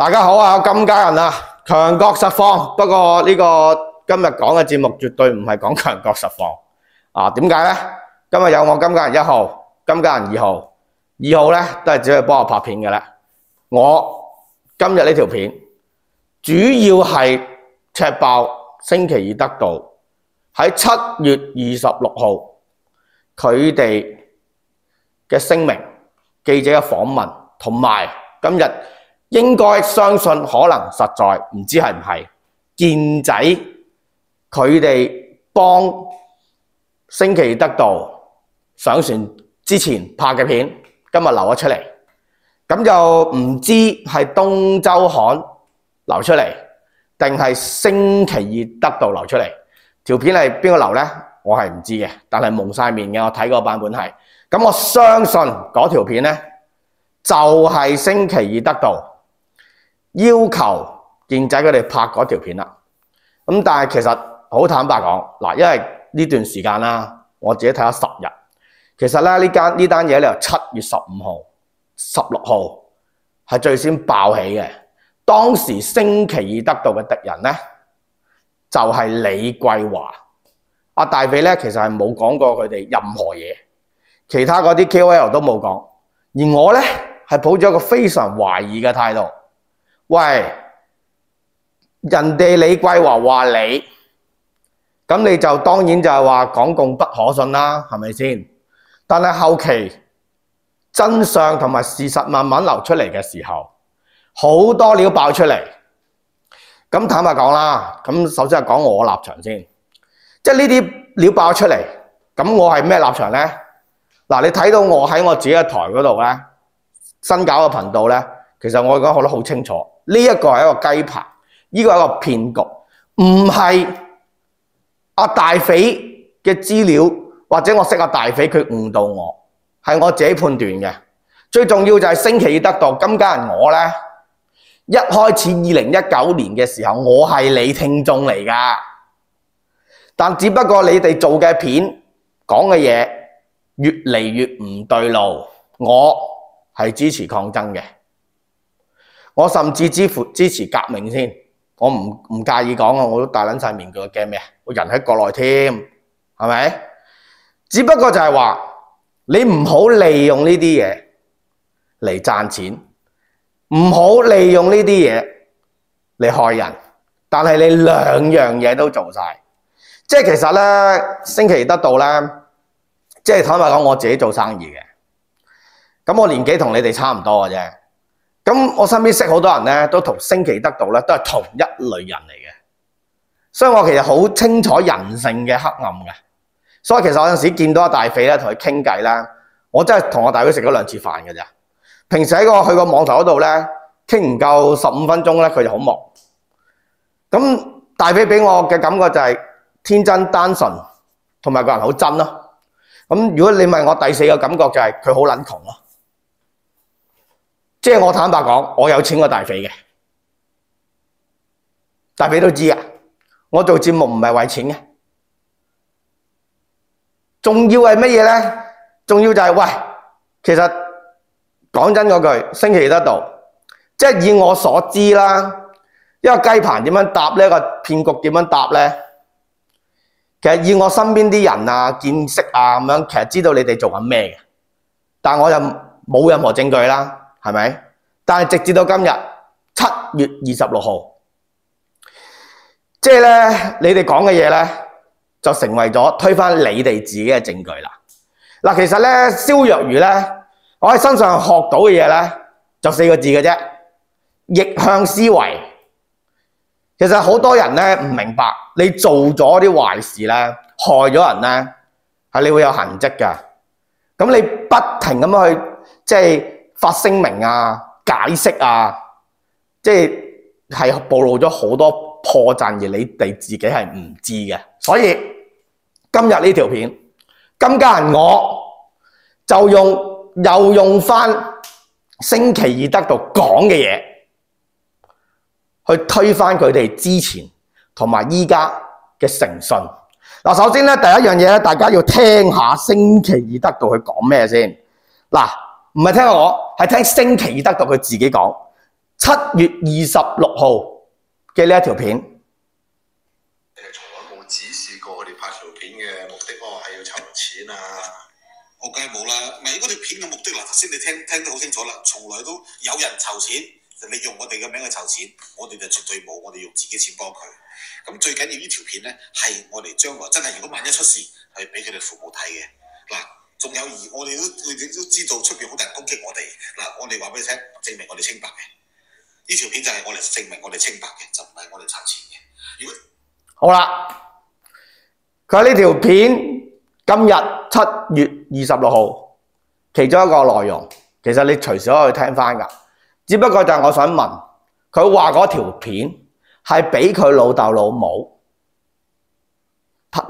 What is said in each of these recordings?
大家好啊！金家人啊，強國實況。不過呢個今日講嘅節目絕對唔係講強國實況啊。點解咧？今日有我金家人一號、金家人二號，二號咧都係只係幫我拍片嘅啦。我今日呢條片主要係赤爆星期二得到喺七月二十六號佢哋嘅聲明、記者嘅訪問同埋今日。應該相信可能實在唔知係唔係健仔佢哋幫星期得到上船之前拍嘅片，今日留咗出嚟，咁就唔知係東周刊留出嚟定係星期二得到留出嚟，條片係邊個留呢？我係唔知嘅，但係蒙晒面嘅。我睇個版本係咁，我相信嗰條片呢，就係星期二得到。要求健仔佢哋拍嗰條片啦，咁但係其實好坦白講嗱，因為呢段時間啦，我自己睇咗十日，其實咧呢間呢單嘢咧由七月十五號、十六號係最先爆起嘅。當時升旗易得道得到嘅敵人呢，就係李桂華阿大肥呢，其實係冇講過佢哋任何嘢，其他嗰啲 K O L 都冇講，而我呢，係抱住一個非常懷疑嘅態度。喂，人哋李桂華話你，咁你就當然就係話港共不可信啦，係咪先？但係後期真相同埋事實慢慢流出嚟嘅時候，好多料爆出嚟。咁坦白講啦，咁首先係講我立場先，即係呢啲料爆出嚟，咁我係咩立場呢？嗱，你睇到我喺我自己個台嗰度呢，新搞嘅頻道呢，其實我而家講得好清楚。呢一個係一個雞排，呢個係一個騙局，唔係阿大匪嘅資料，或者我識阿大匪佢誤導我，係我自己判斷嘅。最重要就係星期要得到今家人我呢。一開始二零一九年嘅時候，我係你聽眾嚟㗎。但只不過你哋做嘅片講嘅嘢越嚟越唔對路，我係支持抗爭嘅。我甚至支持支持革命先，我唔唔介意講啊，我都戴捻晒面具，驚咩啊？我人喺國內添，係咪？只不過就係話你唔好利用呢啲嘢嚟賺錢，唔好利用呢啲嘢嚟害人，但係你兩樣嘢都做晒，即係其實呢，星期得到呢，即係坦白講，我自己做生意嘅，咁我年紀同你哋差唔多嘅啫。咁我身邊認識好多人呢，都同星期得到呢，都係同一類人嚟嘅。所以我其實好清楚人性嘅黑暗嘅。所以其實我有陣時見到阿大肥呢，同佢傾偈呢，我真係同我大肥食咗兩次飯㗎啫。平時喺個去個網台嗰度呢，傾唔夠十五分鐘呢，佢就好忙。咁大肥俾我嘅感覺就係天真單純，同埋個人好真囉。咁如果你問我第四個感覺就係佢好撚窮咯。即係我坦白講，我有錢過大肥嘅，大肥都知啊。我做節目唔係為錢嘅，重要係乜嘢呢？重要就係、是、喂，其實講真嗰句，星期得到，即係以我所知啦。一個雞棚點樣搭呢？一個騙局點樣搭呢？其實以我身邊啲人啊、見識啊咁樣，其實知道你哋做緊咩嘅，但我又冇任何證據啦。.係咪？但係直至到今日七月二十六號，即係呢，你哋講嘅嘢呢，就成為咗推翻你哋自己嘅證據啦。嗱，其實呢，蕭若愚呢，我喺身上學到嘅嘢呢，就四個字嘅啫，逆向思維。其實好多人呢，唔明白，你做咗啲壞事呢，害咗人呢，係你會有痕跡㗎。噉你不停咁去即係。發聲明啊、解釋啊，即係係暴露咗好多破綻，而你哋自己係唔知嘅。所以今日呢條片，今間我就用又用返升旗易得道講嘅嘢，去推翻佢哋之前同埋依家嘅誠信。首先呢，第一樣嘢咧，大家要聽下升旗易得道佢講咩先。唔係聽我講，係聽星期得到佢自己講。七月二十六號嘅呢一條片，從來冇指示過我哋拍條片嘅目的，我話係要籌錢啊！我梗係冇啦，唔係嗰條片嘅目的啦。頭先你聽聽得好清楚啦，從來都有人籌錢，你用我哋嘅名去籌錢，我哋就絕對冇，我哋用自己錢幫佢。咁最緊要呢條片咧，係我哋將來真係如果萬一出事，係俾佢哋父母睇嘅嗱。仲有二，我哋都你哋都知道出面好多人攻擊我哋。嗱，我哋話俾你聽，證明我哋清白嘅。呢條片就係我哋證明我哋清白嘅，就唔係我哋賊錢嘅。好啦，佢呢條片今日七月二十六號，其中一個內容，其實你隨時可以聽返㗎。只不過就係我想問，佢話嗰條片係俾佢老豆老母，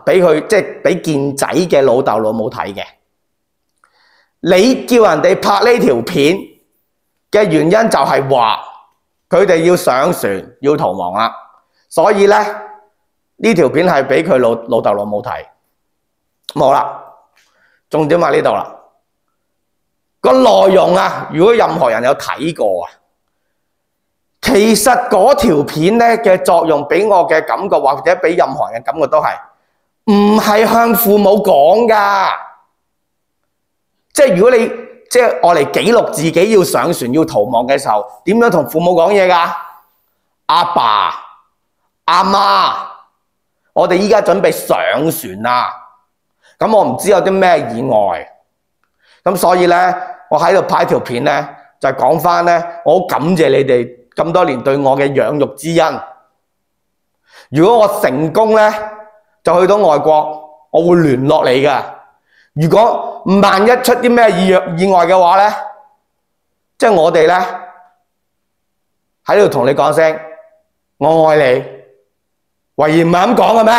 俾佢即係俾健仔嘅老豆老母睇嘅。你叫人哋拍呢條片嘅原因就係話佢哋要上船要逃亡啦，所以呢呢條片係俾佢老豆老母睇，好啦，重點喺呢度啦。個內容啊，如果任何人有睇過啊，其實嗰條片呢嘅作用，俾我嘅感覺或者俾任何人嘅感覺都係唔係向父母講㗎。即係如果你即係我嚟記錄自己要上船要逃亡嘅時候，點樣同父母講嘢㗎？阿爸、阿媽，我哋而家準備上船啦。咁我唔知有啲咩意外。咁所以咧，我喺度拍條片咧，就講翻咧，我好感謝你哋咁多年對我嘅養育之恩。如果我成功咧，就去到外國，我會聯絡你㗎。如果唔萬一出啲咩意外嘅話，就是，呢？即係我哋呢，喺呢度同你講聲我愛你，遺言唔係咁講嘅咩？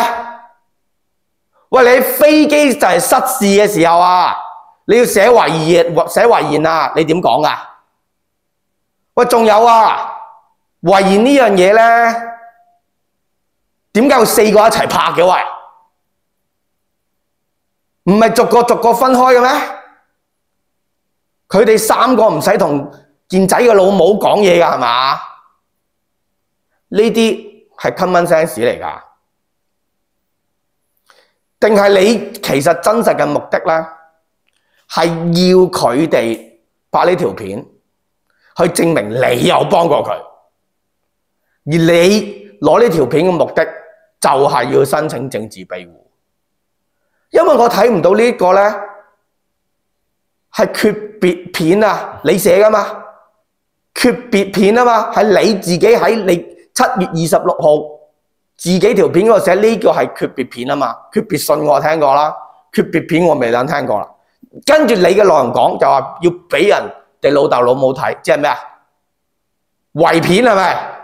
喂，你在飛機就係失事嘅時候啊，你要寫遺言寫寫遺言啊？你點講㗎？喂，仲有啊，遺言呢樣嘢呢？點解四個一齊拍嘅喂？唔係逐個逐個分開嘅咩？佢哋三個唔使同健仔嘅老母講嘢噶係嘛？呢啲係 common sense 嚟噶定係你其實真實嘅目的咧，係要佢哋拍呢條片，去證明你有幫過佢，而你攞呢條片嘅目的就係要申請政治庇護。因為我睇唔到呢、這、一個咧，係訣別片啊，你寫㗎嘛？訣別片啊嘛，喺你自己喺你七月二十六號自己條片嗰度寫。呢、這個係訣別片啊嘛？訣別信我聽過啦，訣別片我未等聽過啦。跟住你嘅老人講就話、是、要俾人哋老豆老母睇，即係咩啊？遺片係咪？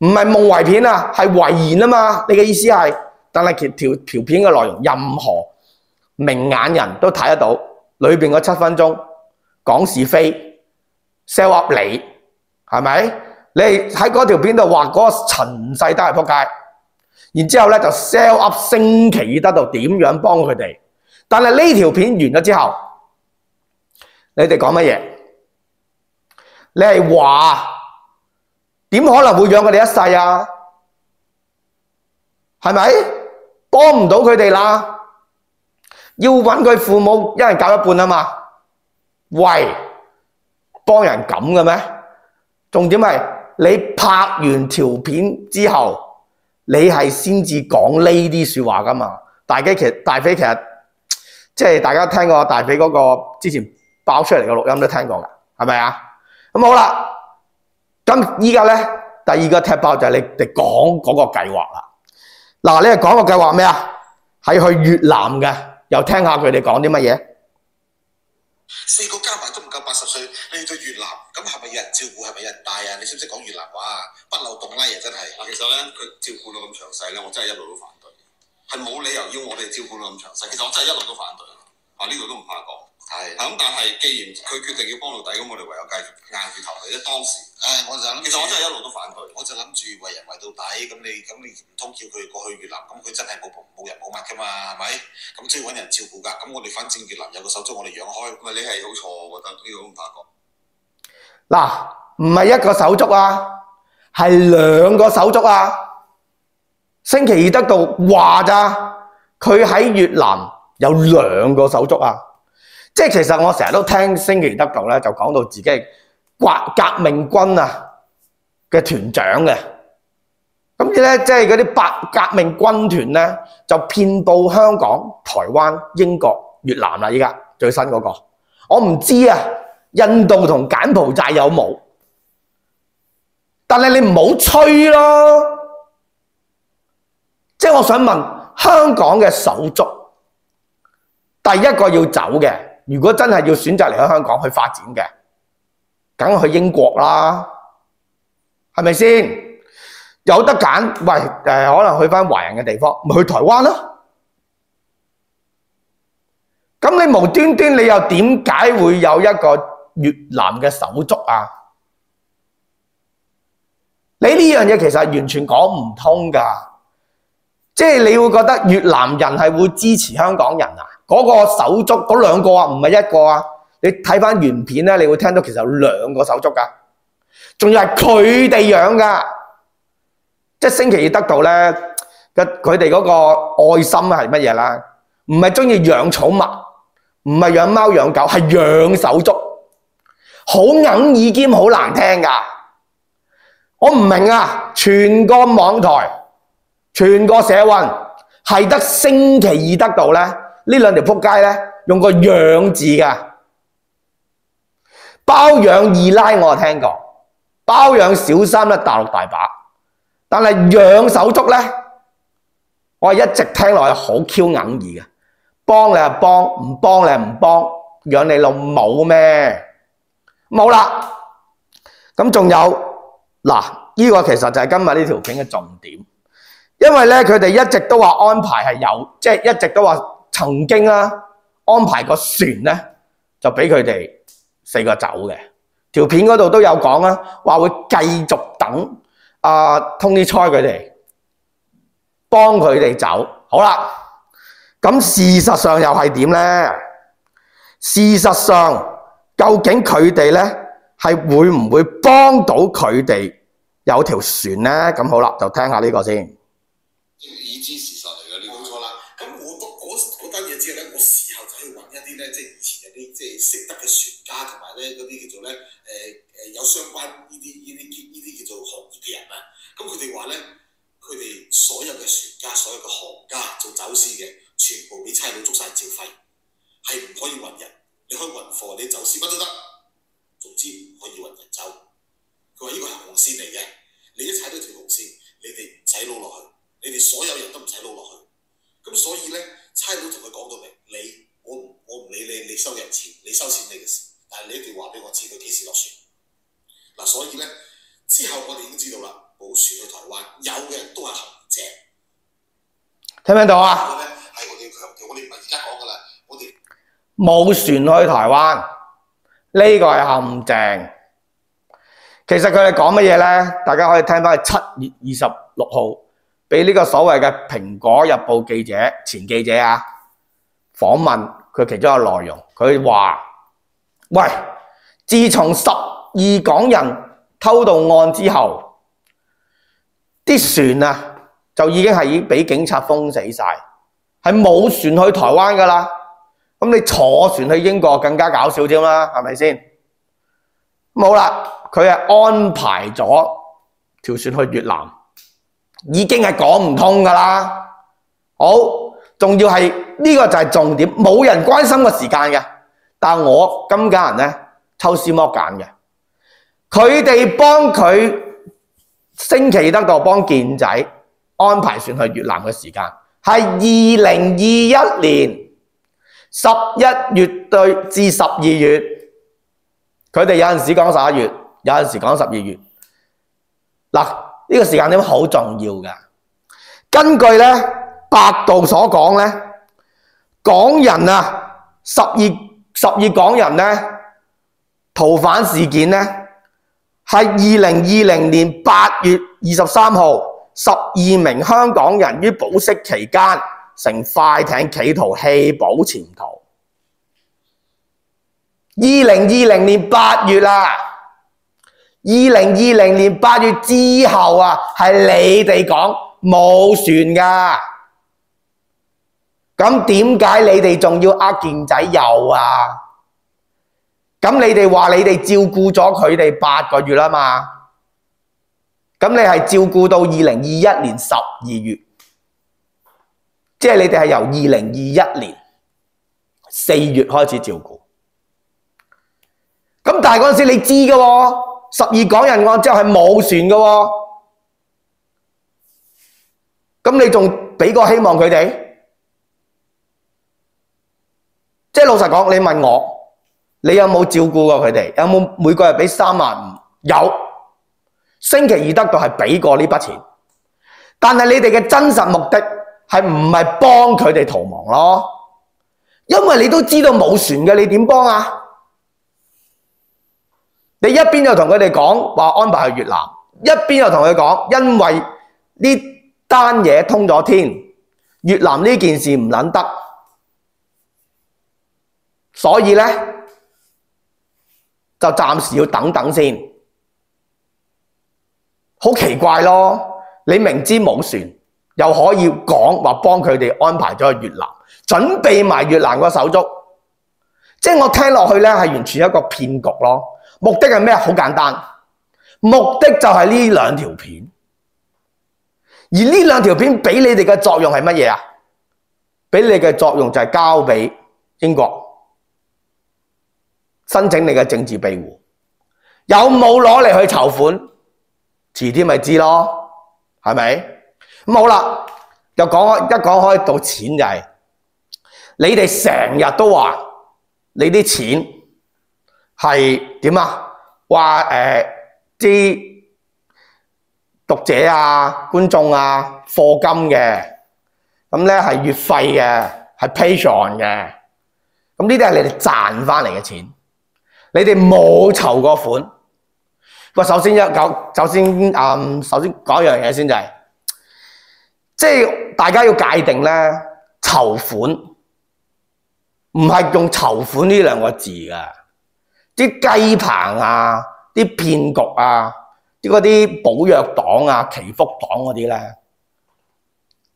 唔係夢遺片啊，係遺言啊嘛？你嘅意思係……但係條條片嘅內容，任何明眼人都睇得到，裏邊嗰七分鐘講是非，sell up 你係咪？你喺嗰條片度話嗰個陳世德係撲街，然之後呢就 sell up 升旗德度點樣幫佢哋？但係呢條片完咗之後，你哋講乜嘢？你係話點可能會養佢哋一世啊？係咪？幫唔到佢哋啦，要搵佢父母一人搞一半啊嘛。喂，幫人咁嘅咩？重點係你拍完條片之後，你係先至講呢啲說話㗎嘛？大飛其大飛其實即係大家聽過大飛嗰個之前爆出嚟嘅錄音都聽過㗎，係咪啊？咁好啦，咁依家呢，第二個踢爆就係你哋講嗰個計劃啦。嗱，你係講個計劃咩啊？係去越南嘅，又聽下佢哋講啲乜嘢？四個加埋都唔夠八十歲，你去到越南，咁係咪有人照顧？係咪有人帶啊？你識唔識講越南話啊？北漏洞拉、啊、嘢真係。其實咧，佢照顧到咁詳細咧，我真係一路都反對，係冇理由要我哋照顧到咁詳細。其實我真係一路都反對，啊呢度都唔怕講。係，咁但係既然佢決定要幫到底，咁我哋唯有繼續硬住頭皮。當時，唉，我就諗，其實我真係一路都反對，我就諗住為人為到底。咁你咁你唔通叫佢過去越南？咁佢真係冇冇人冇物㗎嘛？係咪？咁都要揾人照顧㗎。咁我哋反正越南有個手足，我哋養開。唔係你係好錯喎，我覺得呢個咁發覺。嗱，唔係一個手足啊，係兩個手足啊。星期二得到話咋？佢喺越南有兩個手足啊。即係其實我成日都聽星期得度呢，就講到自己係革命軍啊嘅團長嘅，咁啲咧即係嗰啲白革命軍團呢，就遍佈香港、台灣、英國、越南啦。而家最新嗰個，我唔知啊，印度同柬埔寨有冇？但係你唔好吹咯。即係我想問香港嘅手足，第一個要走嘅。如果真係要選擇離開香港去發展嘅，梗去英國啦，係咪先？有得揀，喂，呃，可能去返華人嘅地方，唔去台灣啦。咁你無端端，你又點解會有一個越南嘅手足啊？你呢樣嘢其實完全講唔通㗎，即係你會覺得越南人係會支持香港人啊？嗰、嗰個手足嗰兩個啊，唔係一個啊。你睇返原片呢，你會聽到其實有兩個手足㗎。仲要係佢哋養㗎。即升旗易得道呢，佢佢哋嗰個愛心係乜嘢啦？唔係鍾意養寵物，唔係養貓養狗，係養手足，好硬耳兼好難聽㗎。我唔明啊！全個網台，全個社運係得升旗易得道呢。呢兩條撲街呢，用個養字㗎。包養二奶，我有聽過包養小三咧，大陸大把。但係養手足呢，我一直聽落係好 Q 硬耳㗎。幫你係幫，唔幫你係唔幫，養你老母咩？冇啦。咁仲有嗱，呢個其實就係今日呢條片嘅重點，因為呢，佢哋一直都話安排係有，即係一直都話。曾經安排個船呢就俾佢哋四個走嘅。條片嗰度都有講啦，話會繼續等啊，Tony Choy 佢哋幫佢哋走。好啦，咁事實上又係點呢？事實上究竟佢哋呢係會唔會幫到佢哋有條船呢？咁好啦，就聽下呢個先。即係識得嘅船家同埋咧嗰啲叫做咧，誒誒有相關呢啲呢啲呢啲叫做行業嘅人啊，咁佢哋話咧，佢哋所有嘅船家、所有嘅行家做走私嘅，全部俾差佬捉晒照肺，係唔可以運人，你可以運貨，你走私乜都得，總之唔可以運人走。佢話呢個係紅線嚟嘅，你一踩到條紅線，你哋唔使撈落去，你哋所有人都唔使撈落去。咁所以咧，差佬同佢講到明，你。.我唔我唔理你，你收人錢，你收錢你嘅事，但係你一定要話俾我知佢幾時落船。嗱、啊，所以呢，之後我哋已經知道啦，冇船，船去台灣，有嘅都係陷阱。聽唔聽到啊？係我哋要強調，我哋唔係而家講噶啦，我哋冇船去台灣，呢個係陷阱。其實佢哋講乜嘢呢？大家可以聽翻，七月二十六號俾呢個所謂嘅《蘋果日報》記者前記者啊訪問。佢其中一個內容，佢話：喂，自從十二港人偷渡案之後，啲船啊就已經係已經俾警察封死晒，係冇船去台灣㗎啦。咁你坐船去英國更加搞笑啫嘛，係咪先？好啦，佢係安排咗條船去越南，已經係講唔通㗎啦。好，仲要係。呢、這個就係重點，冇人關心個時間㗎。但我今家人呢，抽絲剝繭㗎。佢哋幫佢升旗得個幫健仔安排選去越南嘅時間，係二零二一年十一月對至十二月。佢哋有陣時講十一月，有陣時講十二月。嗱，呢個時間點好重要㗎。根據呢百度所講呢。港人啊，十二十二港人呢，逃犯事件呢，係二零二零年八月二十三號，十二名香港人於保釋期間乘快艇企圖棄保潛逃。二零二零年八月啦，啊，二零二零年八月之後啊，係你哋講冇船㗎。咁點解你哋仲要呃健仔又啊？咁你哋話你哋照顧咗佢哋八個月啊嘛？咁你係照顧到二零二一年十二月，即係你哋係由二零二一年四月開始照顧。咁但係嗰時你知噶，十二港人案之後係冇船噶，咁你仲俾個希望佢哋？即係老實講，你問我，你有冇照顧過佢哋？有冇每個日俾三萬五？有，星期二得到係俾過呢筆錢，但係你哋嘅真實目的係唔係幫佢哋逃亡咯？因為你都知道冇船嘅，你點幫啊？你一邊又同佢哋講話安排去越南，一邊又同佢講，因為呢單嘢通咗天，越南呢件事唔撚得。所以呢，就暫時要等等先。好奇怪咯！你明知冇船，又可以講話幫佢哋安排咗去越南，準備埋越南個手足。即係我聽落去呢，係完全一個騙局咯。目的係咩？好簡單，目的就係呢兩條片。而呢兩條片俾你哋嘅作用係乜嘢呀？俾你哋嘅作用就係交俾英國。申請你嘅政治庇護，有冇攞嚟去籌款？遲啲咪知咯，係咪？好啦，又講一講，開到錢就係。你哋成日都話你啲錢係點呀？話誒啲讀者啊、觀眾啊課金嘅，咁呢係月費嘅，係 Patreon 嘅，咁呢啲係你哋賺返嚟嘅錢。你哋冇籌過款。首先首先，嗯，首先講一樣嘢先就係，即係大家要界定咧，籌款唔係用籌款呢兩個字㗎。啲雞棚啊，啲騙局啊，啲嗰啲寶藥黨啊、祈福黨嗰啲呢，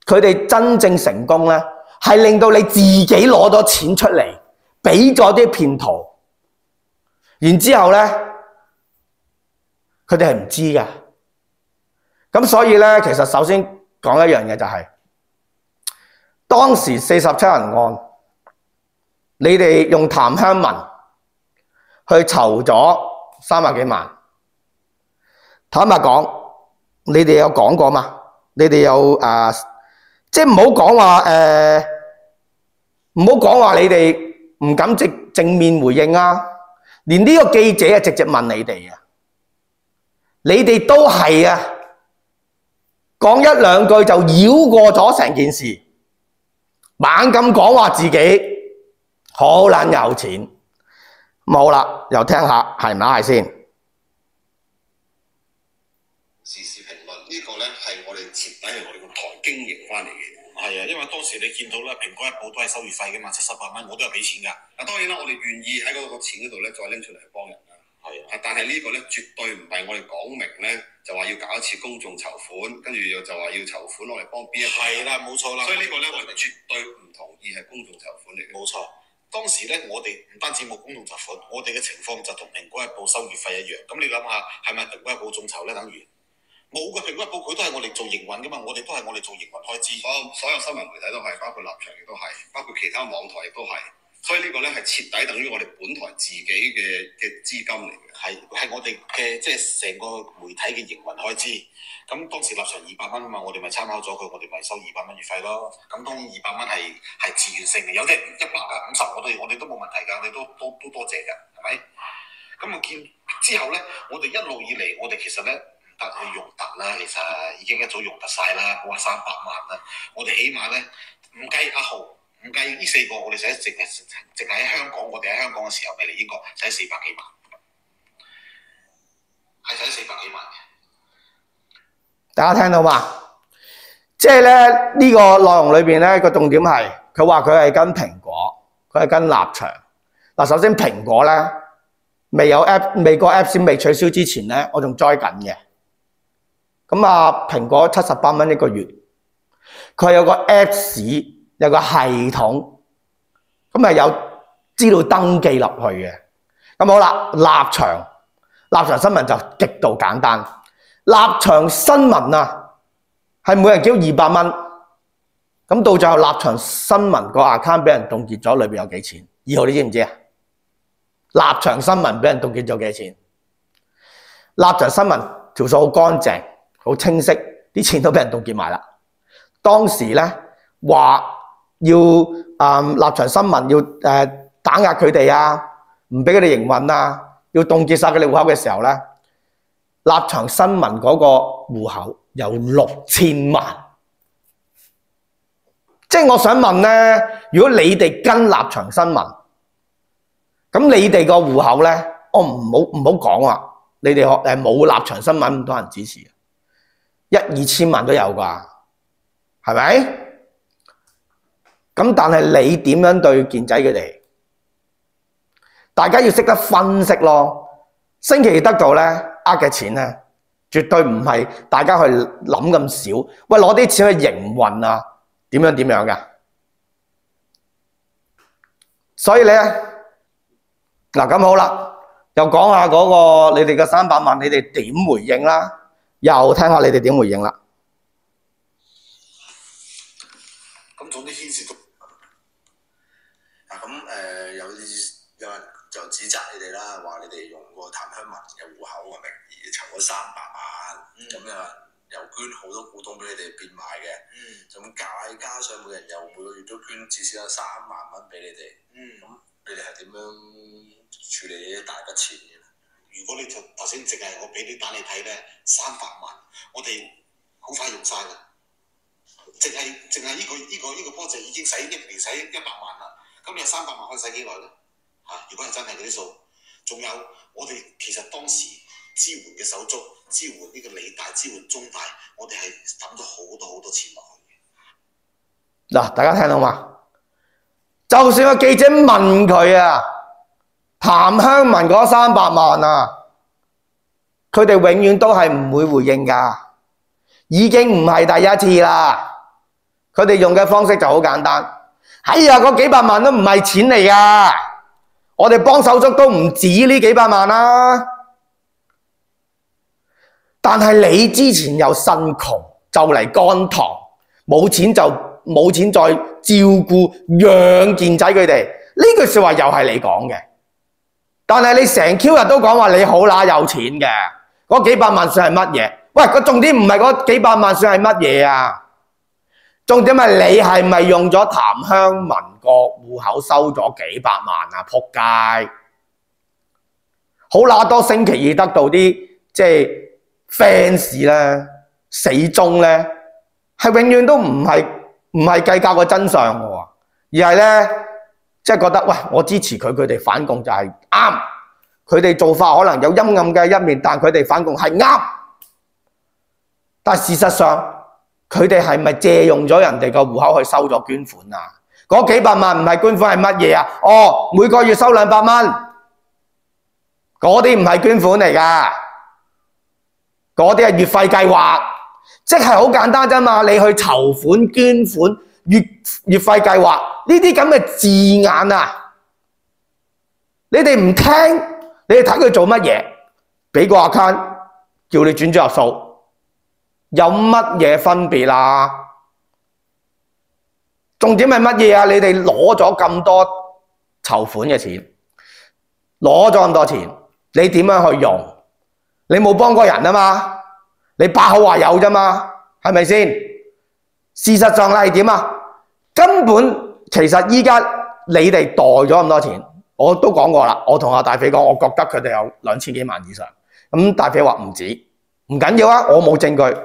佢哋真正成功呢，係令到你自己攞咗錢出嚟，俾咗啲騙徒。然之後呢，佢哋係唔知㗎。咁所以呢，其實首先講一樣嘢就係，當時四十七人案，你哋用譚香文去籌咗三百幾萬。坦白講，你哋有講過嘛？你哋有啊、呃？即係唔好講話誒，唔好講話你哋唔敢正面回應啊！連呢個記者啊，直接問你哋啊，你哋都係啊，講一兩句就繞過咗成件事，猛咁講話自己好捻有錢，冇啦，又聽下係唔係先？時事評論呢個咧係我哋徹底係我哋個台經營翻嚟。係啊，因為當時你見到咧，蘋果日報都係收月費嘅嘛，七十八蚊，我都係俾錢㗎。嗱，當然啦，我哋願意喺嗰個錢嗰度咧，再拎出嚟幫人啦。係啊，但係呢個咧，絕對唔係我哋講明咧，就話要搞一次公眾籌款，跟住又就話要籌款攞嚟幫邊啊。係啦，冇錯啦。所以這個呢個咧，我哋絕對唔同意係公眾籌款嚟。冇錯，當時咧，我哋唔單止冇公眾籌款，我哋嘅情況就同蘋果日報收月費一樣。咁你諗下，係咪蘋果日報眾籌咧？等於？冇嘅，蘋果報佢都係我哋做營運㗎嘛，我哋都係我哋做營運開支。所有所有新聞媒體都係，包括立場亦都係，包括其他網台亦都係。所以呢個呢係徹底等於我哋本台自己嘅嘅資金嚟嘅，係係我哋嘅即係成個媒體嘅營運開支。咁當時立場二百蚊啊嘛，我哋咪參考咗佢，我哋咪收二百蚊月費咯。咁當然二百蚊係係自願性嘅，有啲一百啊五十，我哋我哋都冇問題㗎，我哋都都都，都多謝㗎，係咪？咁啊見之後呢，我哋一路以嚟，我哋其實呢。去用得啦，其實已經一早用得曬啦，我話三百萬啦。我哋起碼咧，五雞一號，五雞呢四個，我哋使淨係淨係喺香港，我哋喺香港嘅時候未嚟英國，使四百幾萬，係使四百幾萬。大家聽到嘛？即係咧，呢個內容裏邊咧，個重點係，佢話佢係跟蘋果，佢係跟立場。嗱，首先蘋果咧未有 app，美國 app 先未取消之前咧，我仲栽緊嘅。咁啊，蘋果七十八蚊一個月，佢有個 Apps，有個系統，咁啊有資料登記入去嘅。咁好啦，立場，立場新聞就極度簡單。立場新聞啊，係每人交二百蚊。咁到最後，立後知知，立場新聞個 account 俾人凍結咗，裏面有幾錢？二號你知唔知？立場新聞俾人凍結咗幾錢？立場新聞條數好乾淨，好清晰，啲錢都俾人凍結埋啦。當時呢，話要啊，立場新聞要誒打壓佢哋啊，唔俾佢哋營運啊，要凍結晒佢哋戶口嘅時候呢，立場新聞嗰個戶口有六千萬，即係我想問呢，如果你哋跟立場新聞，咁你哋個戶口呢，我唔好講啊，你哋學冇立場新聞咁多人支持一二千萬都有啩，係咪？咁但係你點樣對健仔佢哋？大家要識得分析囉。星期得到呢呃嘅錢咧，絕對唔係大家去諗咁少。喂，攞啲錢去營運呀、啊，點樣點樣㗎。所以你咧，嗱咁好啦，又講下嗰個你哋嘅三百萬，你哋點回應啦？又睇下你哋點回應啦。咁總之牽涉到啊，咁誒、呃、有啲有人就指責你哋啦，話你哋用個譚香文嘅戶口嘅名義籌咗三百萬？咁、嗯、又又捐好多古董俾你哋變賣嘅。咁、嗯、介加上每人又每個月都捐至少有三萬蚊俾你哋。咁、嗯、你哋係點樣處理呢一大筆錢？如果你就頭先淨係我俾你打你睇咧，三百萬，我哋好快用晒噶，淨係淨係依個依個依個 project 已經使一年使一百萬啦，咁你三百萬可以使幾耐咧？嚇、啊！如果係真係嗰啲數，仲有我哋其實當時支援嘅手足，支援呢個理大，支援中大，我哋係抌咗好多好多錢落去嗱，大家聽到嘛？就算個記者問佢啊～譚香文嗰三百萬啊，佢哋永遠都係唔會回應㗎。已經唔係第一次啦。佢哋用嘅方式就好簡單，哎呀，嗰幾百萬都唔係錢嚟㗎。我哋幫手足都唔止呢幾百萬啦。但係你之前又信窮就嚟乾塘，冇錢就冇錢再照顧養健仔佢哋，呢句說話又係你講嘅。但係你成 Q 日都講話你好乸有錢嘅，嗰幾百萬算係乜嘢？喂，個重點唔係嗰幾百萬算係乜嘢啊？重點係你係咪用咗譚香文個戶口收咗幾百萬啊？撲街！好乸多星期二得到啲即係 fans 咧，死忠呢，係永遠都唔係唔係計較個真相喎，而係呢。即係覺得喂，我支持佢，佢哋反共就係啱。佢哋做法可能有陰暗嘅一面，但佢哋反共係啱。但事實上，佢哋係咪借用咗人哋個戶口去收咗捐款啊？嗰幾百萬唔係捐款係乜嘢啊？哦，每個月收兩百蚊，嗰啲唔係捐款嚟噶，嗰啲係月費計劃，即係好簡單啫嘛。你去籌款捐款。越越快計劃呢啲咁嘅字眼啊！你哋唔聽，你哋睇佢做乜嘢？畀個 account 叫你轉咗入數，有乜嘢分別啦，啊？重點係乜嘢啊？你哋攞咗咁多籌款嘅錢，攞咗咁多錢，你點樣去用？你冇幫過人啊嘛？你把口話有咋嘛？係咪先？事實上係點啊？根本其實依家你哋袋咗咁多錢，我都講過啦。我同阿大飛講，我覺得佢哋有兩千幾萬以上。咁大飛話唔止，唔緊要啊。我冇證據，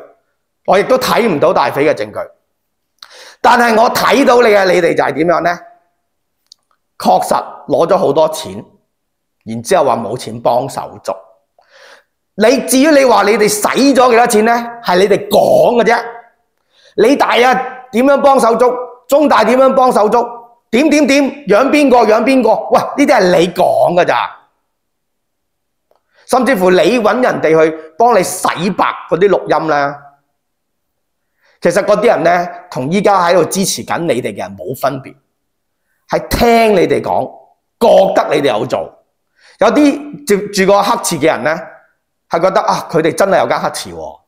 我亦都睇唔到大飛嘅證據。但係我睇到你嘅，你哋就係點樣呢？確實攞咗好多錢，然之後話冇錢幫手續。你至於你話你哋使咗幾多錢呢？係你哋講嘅啫。你大啊，點樣幫手續？中大點樣幫手足？點點點養邊個養邊個？喂，呢啲係你講㗎咋？甚至乎你揾人哋去幫你洗白嗰啲錄音呢？其實嗰啲人呢，同依家喺度支持緊你哋嘅人冇分別，係聽你哋講，覺得你哋有做。有啲住過個黑池嘅人呢，係覺得啊，佢哋真係有間黑池喎，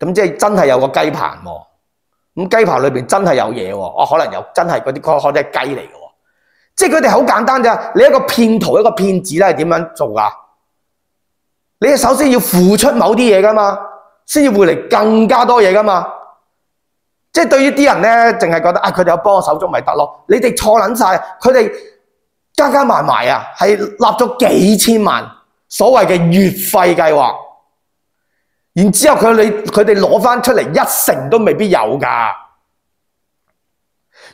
咁即係真係有個雞棚喎。咁雞排裏面真係有嘢喎，哦、啊、可能有真係嗰啲確確係雞嚟嘅喎，即係佢哋好簡單㗎，你一個騙徒一個騙子係點樣做㗎？你首先要付出某啲嘢㗎嘛，先要會嚟更加多嘢㗎嘛，即係對於啲人呢，淨係覺得啊，佢哋有幫我手足咪得囉，你哋錯撚晒，佢哋加加埋埋啊，係立咗幾千萬所謂嘅月費計劃。然之後佢你佢哋攞返出嚟一成都未必有㗎。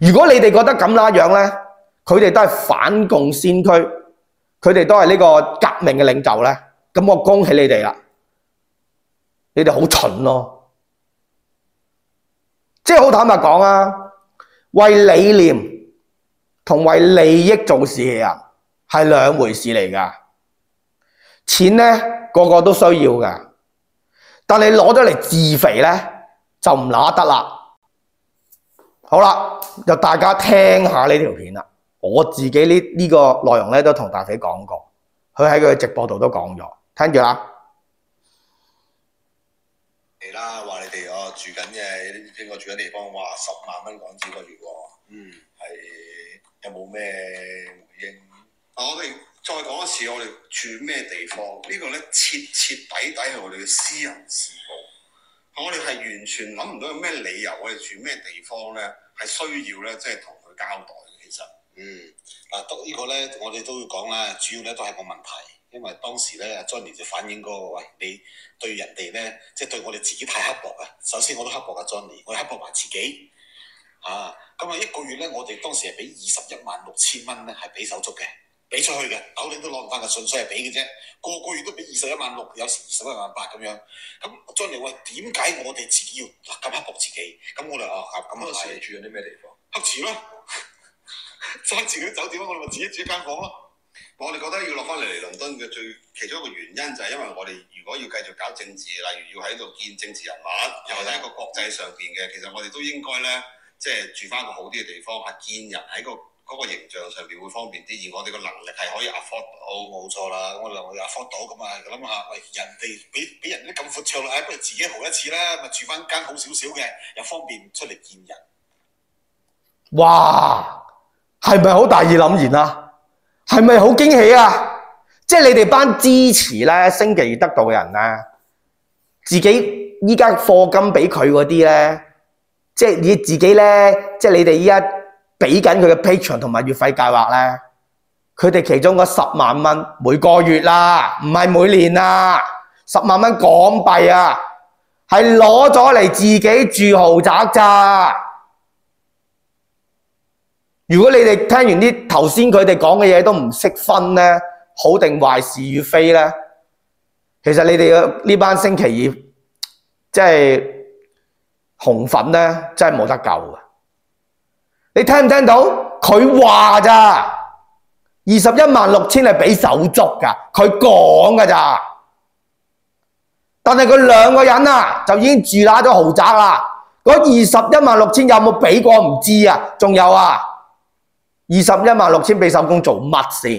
如果你哋覺得咁啦樣咧，佢哋都係反共先驅，佢哋都係呢個革命嘅領袖咧，咁我恭喜你哋啦！你哋好蠢咯，即係好坦白講啊，為理念同為利益做事啊，係兩回事嚟㗎。錢呢，個個都需要㗎。但你攞咗嚟自肥咧，就唔那得啦。好啦，就大家聽下呢條片啦。我自己這、這個、內容，呢呢個內容咧都同大肥講過，佢喺佢嘅直播度都講咗，聽住啦。嚟啦，話你哋哦住緊嘅呢個住緊地方，話十萬蚊港紙個月喎。嗯，係有冇咩回應？我、啊、哋。再講一次，我哋住咩地方？呢個咧，徹徹底底係我哋嘅私人事務。我哋係完全諗唔到有咩理由，我哋住咩地方咧，係需要咧，即係同佢交代嘅。其實，嗯，嗱，都呢個咧，我哋都要講啦。主要咧都係個問題，因為當時咧，阿 Johnny 就反映過，喂，你對人哋咧，即係對我哋自己太刻薄啊。首先我都刻薄啊，Johnny，我刻薄埋自己。啊，咁啊，一個月咧，我哋當時係俾二十一萬六千蚊咧，係俾手足嘅。俾出去嘅，究竟都攞唔翻個信，所以係俾嘅啫。個個月都俾二十一萬六，有時二十一萬八咁樣。咁將嚟喂，點解我哋自己要咁刻薄自己？咁我哋啊，咁啊住住緊啲咩地方？黑池咯，揸住啲酒店，我哋咪自己住一間房咯，嗯。我哋覺得要落翻嚟嚟倫敦嘅最其中一個原因就係因為我哋如果要繼續搞政治，例如要喺度見政治人物，嗯、又或者一個國際上邊嘅，其實我哋都應該咧，即係住翻一個好啲嘅地方，啊見人喺個，嗰個形象上面會方便啲，而我哋個能力係可以 afford 到，冇冇錯啦，我能夠 afford 到咁啊！諗下，喂，人哋俾俾人啲咁闊場啦，不如自己豪一次啦，咪住翻間好少少嘅，又方便出嚟見人。哇！係咪好大義凜然啊？係咪好驚喜啊？即係你哋班支持咧，星期得到嘅人咧，自己依家課金俾佢嗰啲咧，即係你自己咧，即係你哋依家。俾緊佢嘅 Patreon 同埋月費計劃呢，佢哋其中嗰十萬蚊每個月啦，唔係每年啊，十萬蚊港幣啊，係攞咗嚟自己住豪宅咋。如果你哋聽完啲頭先佢哋講嘅嘢都唔識分呢，好定壞是與非呢？其實你哋呢班星期二，即係紅粉呢，真係冇得救。你聽唔聽到？佢話咋，二十一萬六千係俾手足㗎。佢講㗎咋。但係佢兩個人啊，就已經住喇咗豪宅啦。嗰二十一萬六千有冇俾過唔知啊？仲有啊，二十一萬六千俾手工做乜先？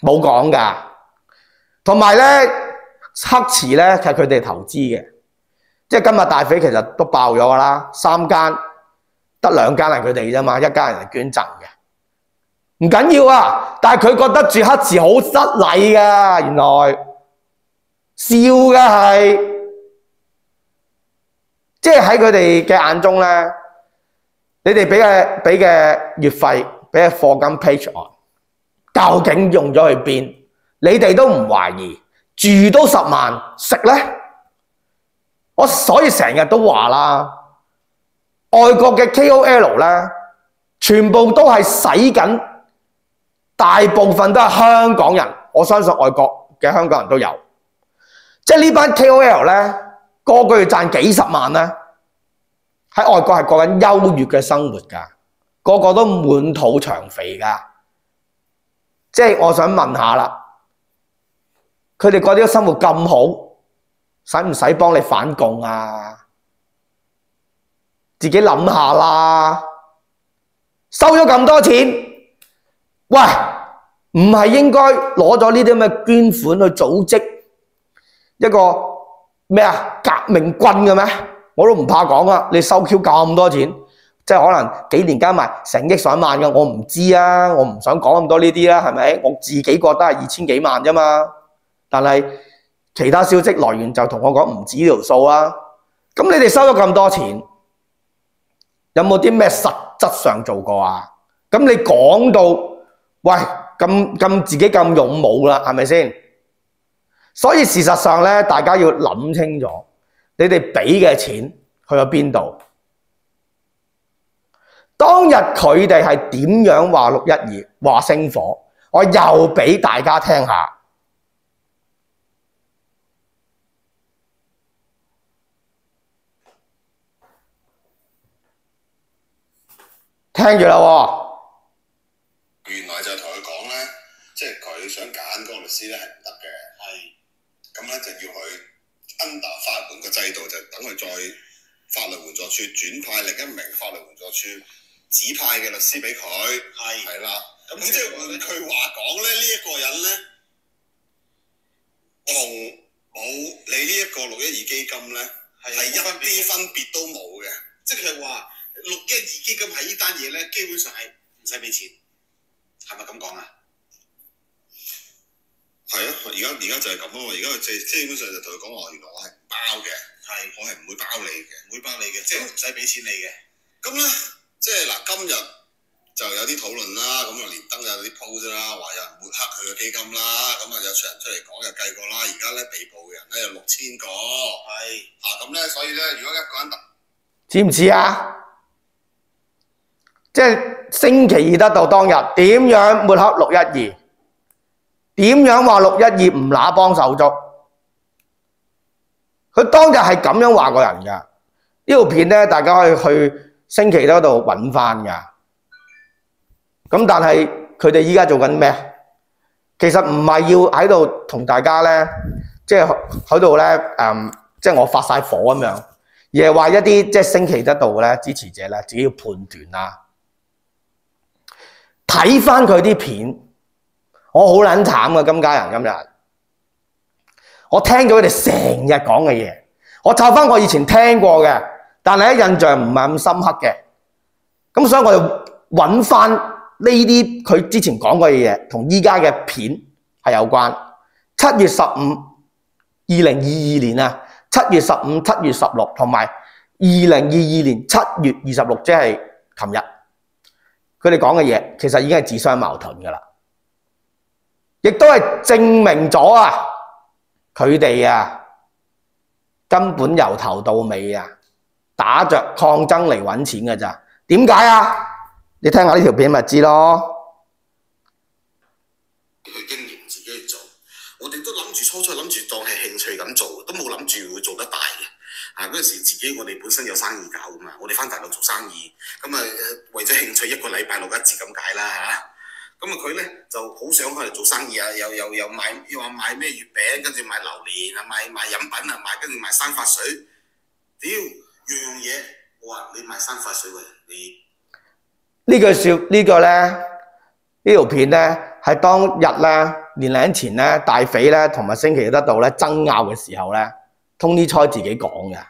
冇講㗎。同埋呢，黑池呢，係佢哋投資嘅，即係今日大匪其實都爆咗㗎啦，三間。得兩間係佢哋啫嘛，一家人係捐贈嘅，唔緊要啊。但係佢覺得住黑字好失禮噶，原來笑㗎係，即係喺佢哋嘅眼中呢，你哋俾嘅俾嘅月費，俾嘅貨金 page on，究竟用咗去邊？你哋都唔懷疑，住都十萬，食呢？我所以成日都話啦。外國嘅 KOL 呢，全部都係使緊，大部分都係香港人。我相信外國嘅香港人都有，即係呢班 KOL 呢，過個個要賺幾十萬呢。喺外國係過緊優越嘅生活㗎，個個都滿肚長肥㗎，即係我想問一下啦，佢哋過啲生活咁好，使唔使幫你反共啊？自己諗下啦，收咗咁多錢，喂，唔係應該攞咗呢啲咩捐款去組織一個咩啊革命軍嘅咩？我都唔怕講啊。你收 q 咁多錢，即係可能幾年加埋成億上萬嘅，我唔知啊，我唔想講咁多呢啲啦，係咪？我自己覺得係二千幾萬咋嘛，但係其他消息來源就同我講唔止呢條數啦。咁你哋收咗咁多錢？有冇啲咩實質上做過啊？咁你講到，喂，咁咁自己咁勇武啦，係咪先？所以事實上呢，大家要諗清楚，你哋畀嘅錢去咗邊度？當日佢哋係點樣話六一二、話星火？我又畀大家聽下。聽住啦，原來就同佢講呢，即係佢想揀嗰個律師呢係唔得嘅，係咁呢就要佢 under 法院個制度就等佢再法律援助處轉派另一名法律援助處指派嘅律師俾佢，係係啦，咁即係換句話講咧，呢一個人呢，同冇你呢一個六一二基金呢，係一啲分別都冇嘅，即係話。六一二基金喺呢單嘢咧，基本上係唔使俾錢，係咪咁講啊？係啊，而家而家就係咁啊。而家佢即係基本上就同佢講話，原、哦、來我係唔包嘅，係我係唔會包你嘅，唔會包你嘅，即係唔使俾錢你嘅。咁咧，即係嗱，今日就有啲討論啦，咁啊，連登有啲 post 啦，話有人抹黑佢嘅基金啦。咁啊，有出人出嚟講就計過啦。而家咧，被捕嘅人咧有六千個係啊。咁咧，所以咧，如果一個人知唔知啊？即係升旗易得道當日點樣抹黑六一二，點樣話六一二唔拿幫手足？佢當日係咁樣話過人㗎，呢套片呢，大家可以去升旗易得道揾翻㗎。咁但係佢哋而家做緊咩？其實唔係要喺度同大家呢，即係喺度呢，誒、嗯，即係我發晒火咁樣，而係話一啲即升旗易得道咧支持者呢，自己要判斷啦。睇返佢啲片，我好撚慘啊！金家人今日，我聽咗佢哋成日講嘅嘢，我抄返我以前聽過嘅，但係啲印象唔係咁深刻嘅。咁所以我就揾返呢啲佢之前講過嘅嘢，同依家嘅片係有關。七月十五，二零二二年啊，七月十五、七月十六，同埋二零二二年七月二十六，即係琴日。佢哋講嘅嘢其實已經係自相矛盾㗎啦，亦都係證明咗啊，佢哋啊根本由頭到尾啊打着抗爭嚟搵錢㗎。咋？點解啊？你聽下呢條片咪知咯。佢經營自己去做，我哋都諗住初初諗住當係興趣咁做，都冇諗住會做得大。嗱，嗰陣時，自己我哋本身有生意搞噶嘛，我哋翻大陸做生意，咁啊為咗興趣一個禮拜六一次咁解啦吓，咁啊佢咧就好想嚟做生意啊，又又又買，又話買咩月餅，跟住買榴蓮啊，買飲品啊，買跟住買生髮水。屌樣樣嘢，我話你買生髮水，你呢個笑呢個咧，呢條片咧喺當日咧年零前咧大肥咧同埋星期得到咧爭拗嘅時候咧，通啲猜自己講嘅。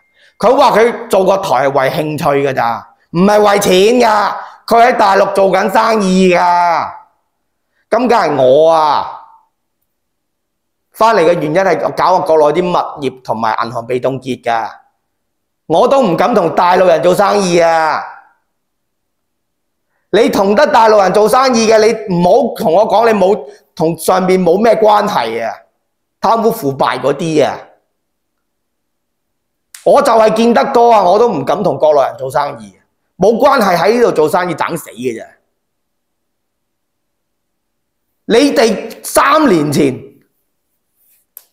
佢話佢做個台係為興趣㗎，咋，唔係為錢㗎。佢喺大陸做緊生意㗎，咁梗係我啊，返嚟嘅原因係搞我國內啲物業同埋銀行被凍結㗎。我都唔敢同大陸人做生意啊。你同得大陸人做生意嘅，你唔好同我講你冇同上面冇咩關係啊。貪污腐敗嗰啲啊！我就係見得多啊，我都唔敢同國內人做生意，冇關係喺呢度做生意等死嘅啫。你哋三年前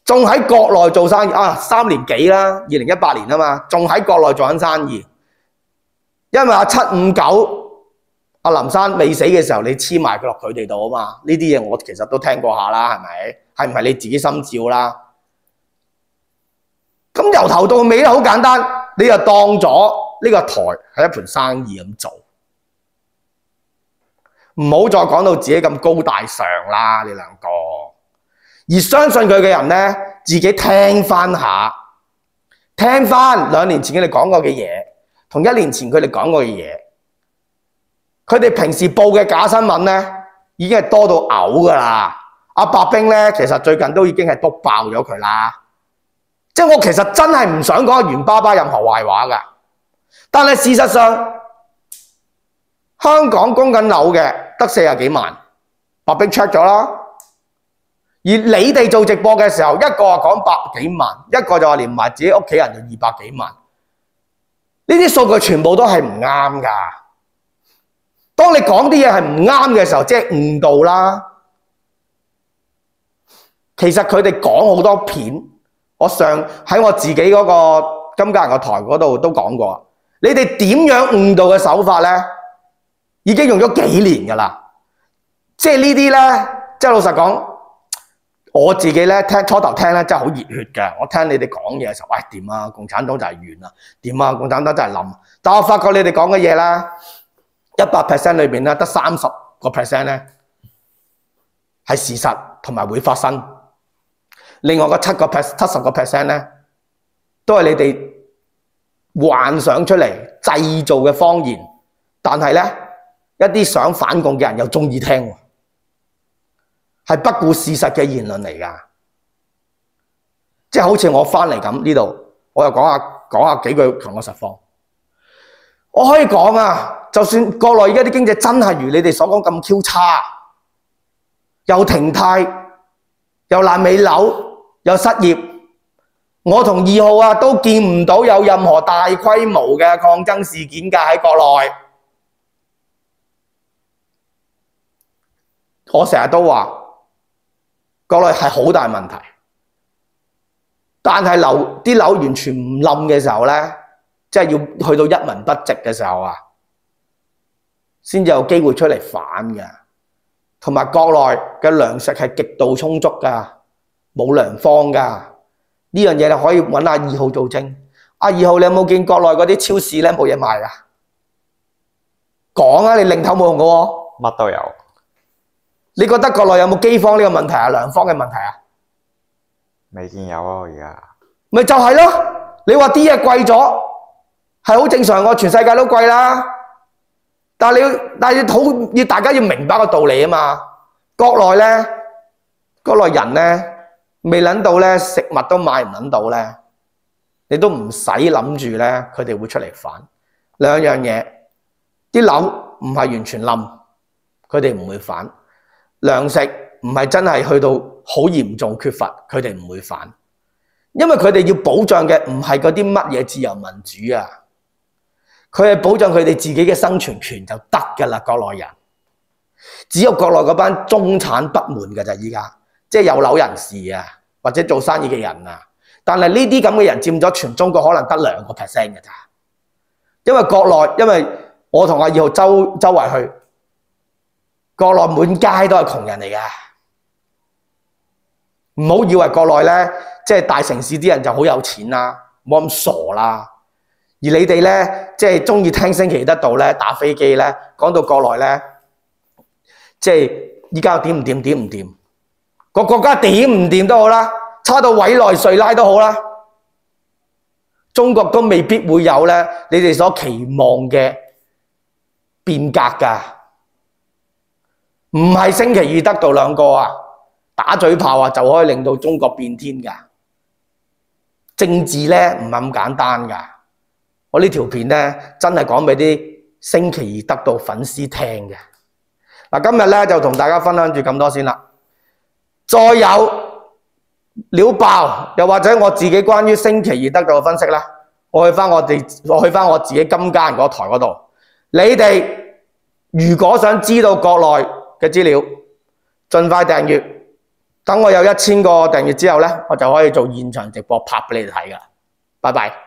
仲喺國內做生意啊，三年幾啦，二零一八年啊嘛，仲喺國內做緊生意。因為阿七五九、阿林山未死嘅時候，你黐埋佢落佢哋度啊嘛，呢啲嘢我其實都聽過下啦，係咪？係唔係你自己心照啦？咁由頭到尾咧，好簡單，你就當咗呢個台係一盤生意咁做，唔好再講到自己咁高大上啦，你兩個。而相信佢嘅人呢，自己聽返下，聽返兩年前佢哋講過嘅嘢，同一年前佢哋講過嘅嘢，佢哋平時報嘅假新聞呢，已經係多到嘔㗎啦。阿白冰呢，其實最近都已經係篤爆咗佢啦。即係我其實真係唔想講袁爸爸任何壞話噶，但係事實上香港供緊樓嘅得四十幾萬，白冰 check 咗而你哋做直播嘅時候，一個講百幾萬，一個就話連埋自己屋企人就二百幾萬，呢啲數據全部都係唔啱噶。當你講啲嘢係唔啱嘅時候，即係誤導啦。其實佢哋講好多片。我上喺我自己嗰個金家仁個台嗰度都講過，你哋點樣誤導嘅手法呢？已經用咗幾年噶啦。即係呢啲咧，即係老實講，我自己咧聽，初頭聽呢，真係好熱血噶。我聽你哋講嘢嘅時候，喂、哎、點啊，共產黨就係完啦，點啊，共產黨就係冧。但我發覺你哋講嘅嘢呢，一百 percent 裏面呢，得三十個 percent 呢，係事實同埋會發生。另外七個七十個 percent 都係你哋幻想出嚟、製造嘅謊言。但係呢，一啲想反共嘅人又鍾意聽，係不顧事實嘅言論嚟㗎。即係好似我返嚟噉呢度，我又講下講下幾句強國實況。我可以講啊，就算國內而家啲經濟真係如你哋所講咁 Q 差，又停貸，又爛尾樓。有失業，我同二號啊都見唔到有任何大規模嘅抗爭事件㗎喺國內。我成日都話國內係好大問題，但係樓啲樓完全唔冧嘅時候呢，即係要去到一文不值嘅時候啊，先有機會出嚟反嘅。同埋國內嘅糧食係極度充足㗎。冇良方噶，呢樣嘢你可以搵下二號做證。阿二號，你有冇見國內嗰啲超市咧冇嘢賣啊？講啊，你零頭冇用嘅喎。乜都有？你覺得國內有冇饑荒呢個問題啊？良方嘅問題啊？未見有啊，而家。咪就係咯，你話啲嘢貴咗，係好正常嘅，全世界都貴啦。但係你，但係要要大家要明白個道理啊嘛。國內咧，國內人咧。未諗到咧，食物都買唔到咧，你都唔使諗住咧，佢哋會出嚟反。兩樣嘢，啲樓唔係完全冧，佢哋唔會反；糧食唔係真係去到好嚴重缺乏，佢哋唔會反。因為佢哋要保障嘅唔係嗰啲乜嘢自由民主啊，佢係保障佢哋自己嘅生存權就得噶啦。國內人只有國內嗰班中產不滿噶咋，而家即係有樓人士啊。或者做生意嘅人啊，但係呢啲咁嘅人佔咗全中國可能得兩個 percent 咋，因為國內因為我同阿二號周周圍去，國內，滿街都係窮人嚟嘅。唔好以為國內即大城市啲人就好有錢啦，冇咁傻啦。而你哋呢，即係中意聽星期一到呢，打飛機呢，講到國內呢，即係依家點唔掂點唔個國家點唔掂都好啦，差到委內瑞拉都好啦，中國都未必會有你哋所期望嘅變革㗎。唔係星期二得到兩個啊，打嘴炮啊，就可以令到中國變天㗎。政治呢唔係咁簡單㗎。我呢條片呢，真係講俾啲星期二得到粉絲聽嘅，今日呢，就同大家分享住咁多先啦。再有料爆，又或者我自己關於星期二得到嘅分析呢，我去翻我哋，我去翻我自己金家人嗰台嗰度。你哋如果想知道國內嘅資料，盡快訂閱。等我有一千個訂閱之後呢，我就可以做現場直播拍俾你哋睇㗎。拜拜。